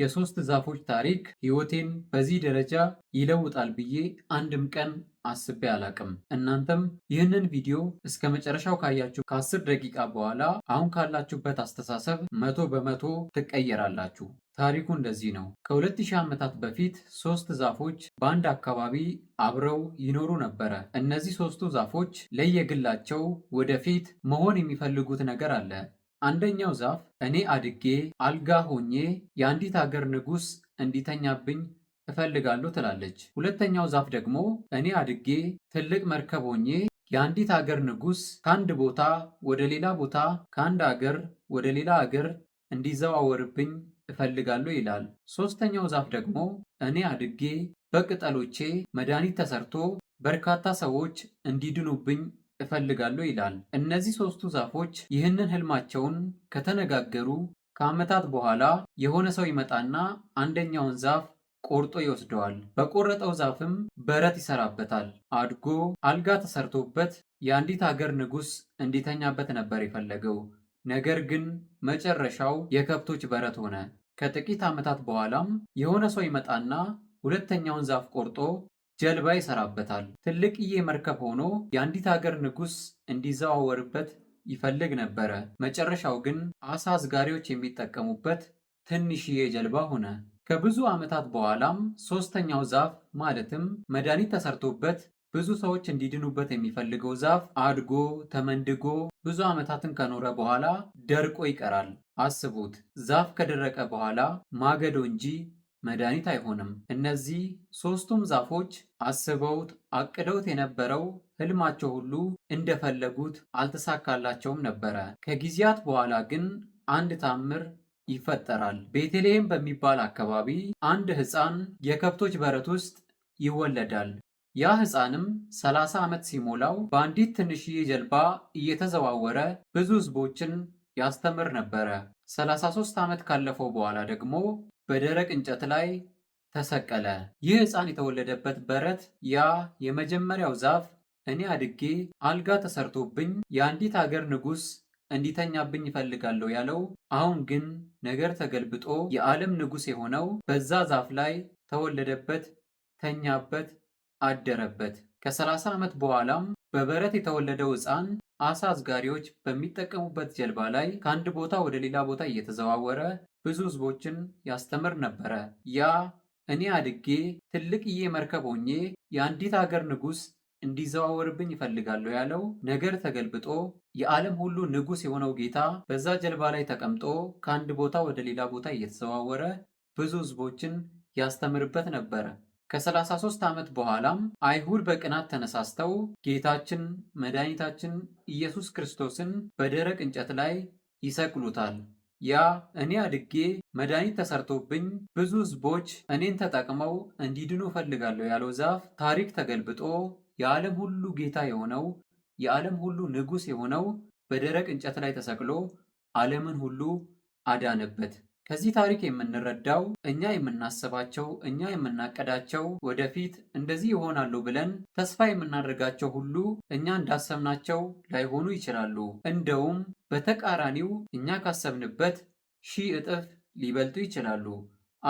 የሶስት ዛፎች ታሪክ ህይወቴን በዚህ ደረጃ ይለውጣል ብዬ አንድም ቀን አስቤ አላቅም። እናንተም ይህንን ቪዲዮ እስከ መጨረሻው ካያችሁ ከአስር ደቂቃ በኋላ አሁን ካላችሁበት አስተሳሰብ መቶ በመቶ ትቀየራላችሁ። ታሪኩ እንደዚህ ነው። ከሁለት ሺህ ዓመታት በፊት ሶስት ዛፎች በአንድ አካባቢ አብረው ይኖሩ ነበረ። እነዚህ ሶስቱ ዛፎች ለየግላቸው ወደፊት መሆን የሚፈልጉት ነገር አለ። አንደኛው ዛፍ እኔ አድጌ አልጋ ሆኜ የአንዲት አገር ንጉሥ እንዲተኛብኝ እፈልጋለሁ ትላለች። ሁለተኛው ዛፍ ደግሞ እኔ አድጌ ትልቅ መርከብ ሆኜ የአንዲት አገር ንጉሥ ከአንድ ቦታ ወደ ሌላ ቦታ ከአንድ አገር ወደ ሌላ አገር እንዲዘዋወርብኝ እፈልጋለሁ ይላል። ሦስተኛው ዛፍ ደግሞ እኔ አድጌ በቅጠሎቼ መድኃኒት ተሰርቶ በርካታ ሰዎች እንዲድኑብኝ እፈልጋለሁ ይላል። እነዚህ ሶስቱ ዛፎች ይህንን ህልማቸውን ከተነጋገሩ ከዓመታት በኋላ የሆነ ሰው ይመጣና አንደኛውን ዛፍ ቆርጦ ይወስደዋል። በቆረጠው ዛፍም በረት ይሰራበታል። አድጎ አልጋ ተሰርቶበት የአንዲት አገር ንጉሥ እንዲተኛበት ነበር የፈለገው። ነገር ግን መጨረሻው የከብቶች በረት ሆነ። ከጥቂት ዓመታት በኋላም የሆነ ሰው ይመጣና ሁለተኛውን ዛፍ ቆርጦ ጀልባ ይሰራበታል። ትልቅዬ መርከብ ሆኖ የአንዲት ሀገር ንጉሥ እንዲዘዋወርበት ይፈልግ ነበረ። መጨረሻው ግን አሳ አስጋሪዎች የሚጠቀሙበት ትንሽዬ ጀልባ ሆነ። ከብዙ ዓመታት በኋላም ሦስተኛው ዛፍ ማለትም መድኃኒት ተሰርቶበት ብዙ ሰዎች እንዲድኑበት የሚፈልገው ዛፍ አድጎ ተመንድጎ ብዙ ዓመታትን ከኖረ በኋላ ደርቆ ይቀራል። አስቡት፣ ዛፍ ከደረቀ በኋላ ማገዶ እንጂ መድኃኒት አይሆንም። እነዚህ ሦስቱም ዛፎች አስበውት አቅደውት የነበረው ሕልማቸው ሁሉ እንደፈለጉት አልተሳካላቸውም ነበረ። ከጊዜያት በኋላ ግን አንድ ታምር ይፈጠራል። ቤተልሔም በሚባል አካባቢ አንድ ሕፃን የከብቶች በረት ውስጥ ይወለዳል። ያ ሕፃንም 30 ዓመት ሲሞላው በአንዲት ትንሽዬ ጀልባ እየተዘዋወረ ብዙ ሕዝቦችን ያስተምር ነበረ። 33 ዓመት ካለፈው በኋላ ደግሞ በደረቅ እንጨት ላይ ተሰቀለ። ይህ ሕፃን የተወለደበት በረት ያ የመጀመሪያው ዛፍ እኔ አድጌ አልጋ ተሰርቶብኝ የአንዲት ሀገር ንጉሥ እንዲተኛብኝ ይፈልጋለሁ ያለው፣ አሁን ግን ነገር ተገልብጦ የዓለም ንጉሥ የሆነው በዛ ዛፍ ላይ ተወለደበት፣ ተኛበት፣ አደረበት። ከ30 ዓመት በኋላም በበረት የተወለደው ሕፃን አሳ አዝጋሪዎች በሚጠቀሙበት ጀልባ ላይ ከአንድ ቦታ ወደ ሌላ ቦታ እየተዘዋወረ ብዙ ህዝቦችን ያስተምር ነበረ። ያ እኔ አድጌ ትልቅዬ መርከብ ሆኜ የአንዲት ሀገር ንጉሥ እንዲዘዋወርብኝ ይፈልጋለሁ ያለው ነገር ተገልብጦ የዓለም ሁሉ ንጉሥ የሆነው ጌታ በዛ ጀልባ ላይ ተቀምጦ ከአንድ ቦታ ወደ ሌላ ቦታ እየተዘዋወረ ብዙ ህዝቦችን ያስተምርበት ነበረ። ከ33 ዓመት በኋላም አይሁድ በቅናት ተነሳስተው ጌታችን መድኃኒታችን ኢየሱስ ክርስቶስን በደረቅ እንጨት ላይ ይሰቅሉታል። ያ እኔ አድጌ መድኃኒት ተሰርቶብኝ ብዙ ሕዝቦች እኔን ተጠቅመው እንዲድኑ እፈልጋለሁ ያለው ዛፍ ታሪክ ተገልብጦ የዓለም ሁሉ ጌታ የሆነው የዓለም ሁሉ ንጉሥ የሆነው በደረቅ እንጨት ላይ ተሰቅሎ ዓለምን ሁሉ አዳነበት። ከዚህ ታሪክ የምንረዳው እኛ የምናስባቸው እኛ የምናቀዳቸው ወደፊት እንደዚህ ይሆናሉ ብለን ተስፋ የምናደርጋቸው ሁሉ እኛ እንዳሰብናቸው ላይሆኑ ይችላሉ። እንደውም በተቃራኒው እኛ ካሰብንበት ሺህ እጥፍ ሊበልጡ ይችላሉ።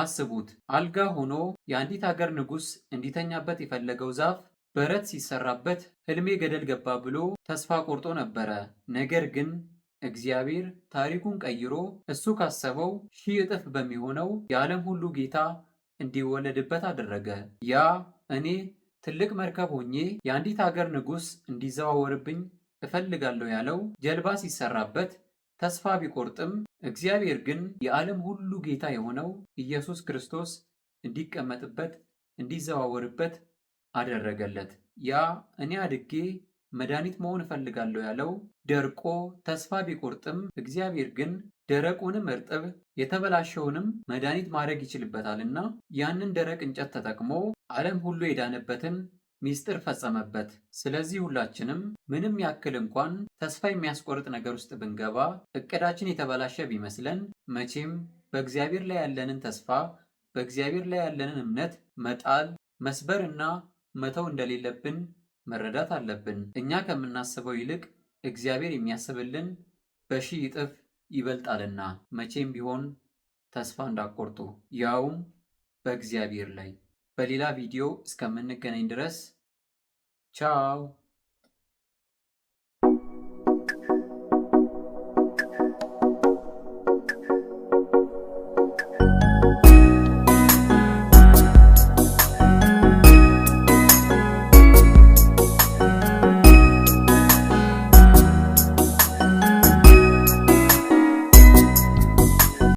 አስቡት፣ አልጋ ሆኖ የአንዲት ሀገር ንጉሥ እንዲተኛበት የፈለገው ዛፍ በረት ሲሰራበት ሕልሜ ገደል ገባ ብሎ ተስፋ ቆርጦ ነበረ። ነገር ግን እግዚአብሔር ታሪኩን ቀይሮ እሱ ካሰበው ሺህ እጥፍ በሚሆነው የዓለም ሁሉ ጌታ እንዲወለድበት አደረገ። ያ እኔ ትልቅ መርከብ ሆኜ የአንዲት ሀገር ንጉሥ እንዲዘዋወርብኝ እፈልጋለሁ ያለው ጀልባ ሲሰራበት ተስፋ ቢቆርጥም እግዚአብሔር ግን የዓለም ሁሉ ጌታ የሆነው ኢየሱስ ክርስቶስ እንዲቀመጥበት እንዲዘዋወርበት አደረገለት። ያ እኔ አድጌ መድኃኒት መሆን እፈልጋለሁ ያለው ደርቆ ተስፋ ቢቆርጥም እግዚአብሔር ግን ደረቁንም እርጥብ የተበላሸውንም መድኃኒት ማድረግ ይችልበታልና ያንን ደረቅ እንጨት ተጠቅሞ ዓለም ሁሉ የዳነበትን ሚስጥር ፈጸመበት። ስለዚህ ሁላችንም ምንም ያክል እንኳን ተስፋ የሚያስቆርጥ ነገር ውስጥ ብንገባ፣ እቅዳችን የተበላሸ ቢመስለን፣ መቼም በእግዚአብሔር ላይ ያለንን ተስፋ በእግዚአብሔር ላይ ያለንን እምነት መጣል መስበርና መተው እንደሌለብን መረዳት አለብን። እኛ ከምናስበው ይልቅ እግዚአብሔር የሚያስብልን በሺህ እጥፍ ይበልጣልና መቼም ቢሆን ተስፋ እንዳቆርጡ ያውም በእግዚአብሔር ላይ። በሌላ ቪዲዮ እስከምንገናኝ ድረስ ቻው።